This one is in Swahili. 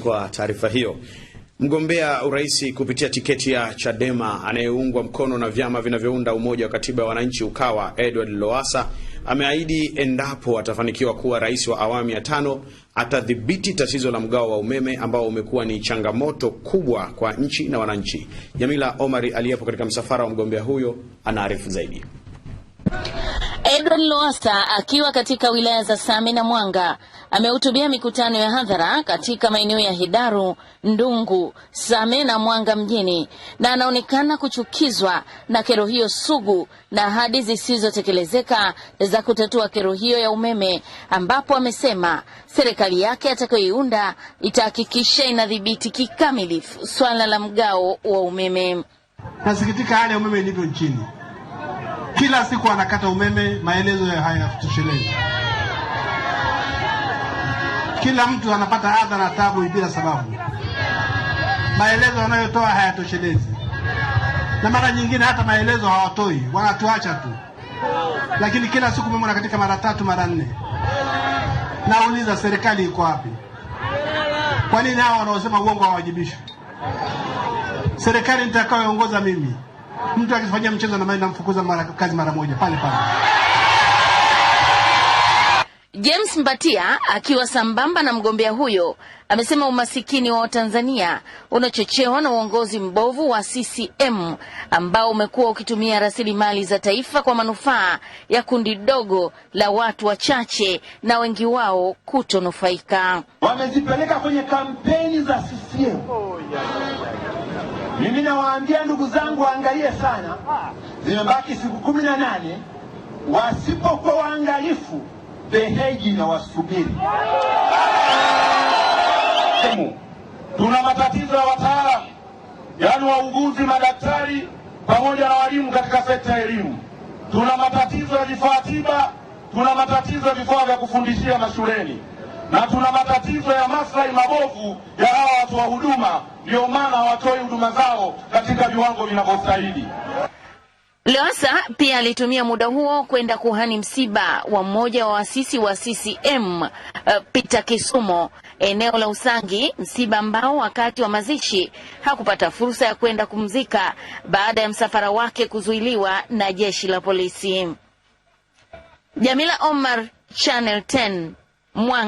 Kwa taarifa hiyo, mgombea urais kupitia tiketi ya Chadema anayeungwa mkono na vyama vinavyounda umoja wa katiba ya wananchi Ukawa, Edward Lowassa ameahidi endapo atafanikiwa kuwa rais wa awamu ya tano atadhibiti tatizo la mgao wa umeme ambao umekuwa ni changamoto kubwa kwa nchi na wananchi. Jamila Omari aliyepo katika msafara wa mgombea huyo anaarifu zaidi. Edward Lowassa akiwa katika wilaya za Same na Mwanga amehutubia mikutano ya hadhara katika maeneo ya Hidaru, Ndungu, Same na Mwanga mjini na anaonekana kuchukizwa na kero hiyo sugu na ahadi zisizotekelezeka za kutatua kero hiyo ya umeme, ambapo amesema serikali yake atakayoiunda itahakikisha inadhibiti kikamilifu swala la mgao wa umeme. Nasikitika hali ya umeme ilivyo nchini kila siku anakata umeme, maelezo hayatoshelezi. Kila mtu anapata adha na tabu bila sababu, maelezo anayotoa hayatoshelezi, na mara nyingine hata maelezo hawatoi, wanatuacha tu. Lakini kila siku umeme unakatika mara tatu, mara nne. Nauliza, serikali iko wapi? Kwa nini hao wanaosema uongo hawajibishwi? Serikali nitakayoongoza mimi Mtu akifanyia mchezo na maana mfukuza mara kazi mara moja pale pale. James Mbatia akiwa sambamba na mgombea huyo amesema umasikini wa Watanzania unachochewa na uongozi mbovu wa CCM ambao umekuwa ukitumia rasilimali za taifa kwa manufaa ya kundi dogo la watu wachache na wengi wao kutonufaika. Wamezipeleka kwenye kampeni za CCM. Oh, yeah. Mimi nawaambia ndugu zangu, waangalie sana, zimebaki siku kumi na nane. Wasipokuwa waangalifu, beheji na wasubiri. Tuna matatizo ya wataalamu, yaani wauguzi, madaktari pamoja na walimu katika sekta ya elimu. Tuna matatizo ya vifaa tiba, tuna matatizo ya vifaa vya kufundishia mashuleni na tuna matatizo ya maslahi mabovu ya hawa watu wa huduma, ndio maana hawatoi huduma zao katika viwango vinavyostahili. Lowassa pia alitumia muda huo kwenda kuhani msiba wa mmoja wa waasisi wa CCM uh, Peter Kisumo eneo la Usangi, msiba ambao wakati wa mazishi hakupata fursa ya kwenda kumzika baada ya msafara wake kuzuiliwa na jeshi la polisi. Jamila Omar, Channel 10, Mwanga.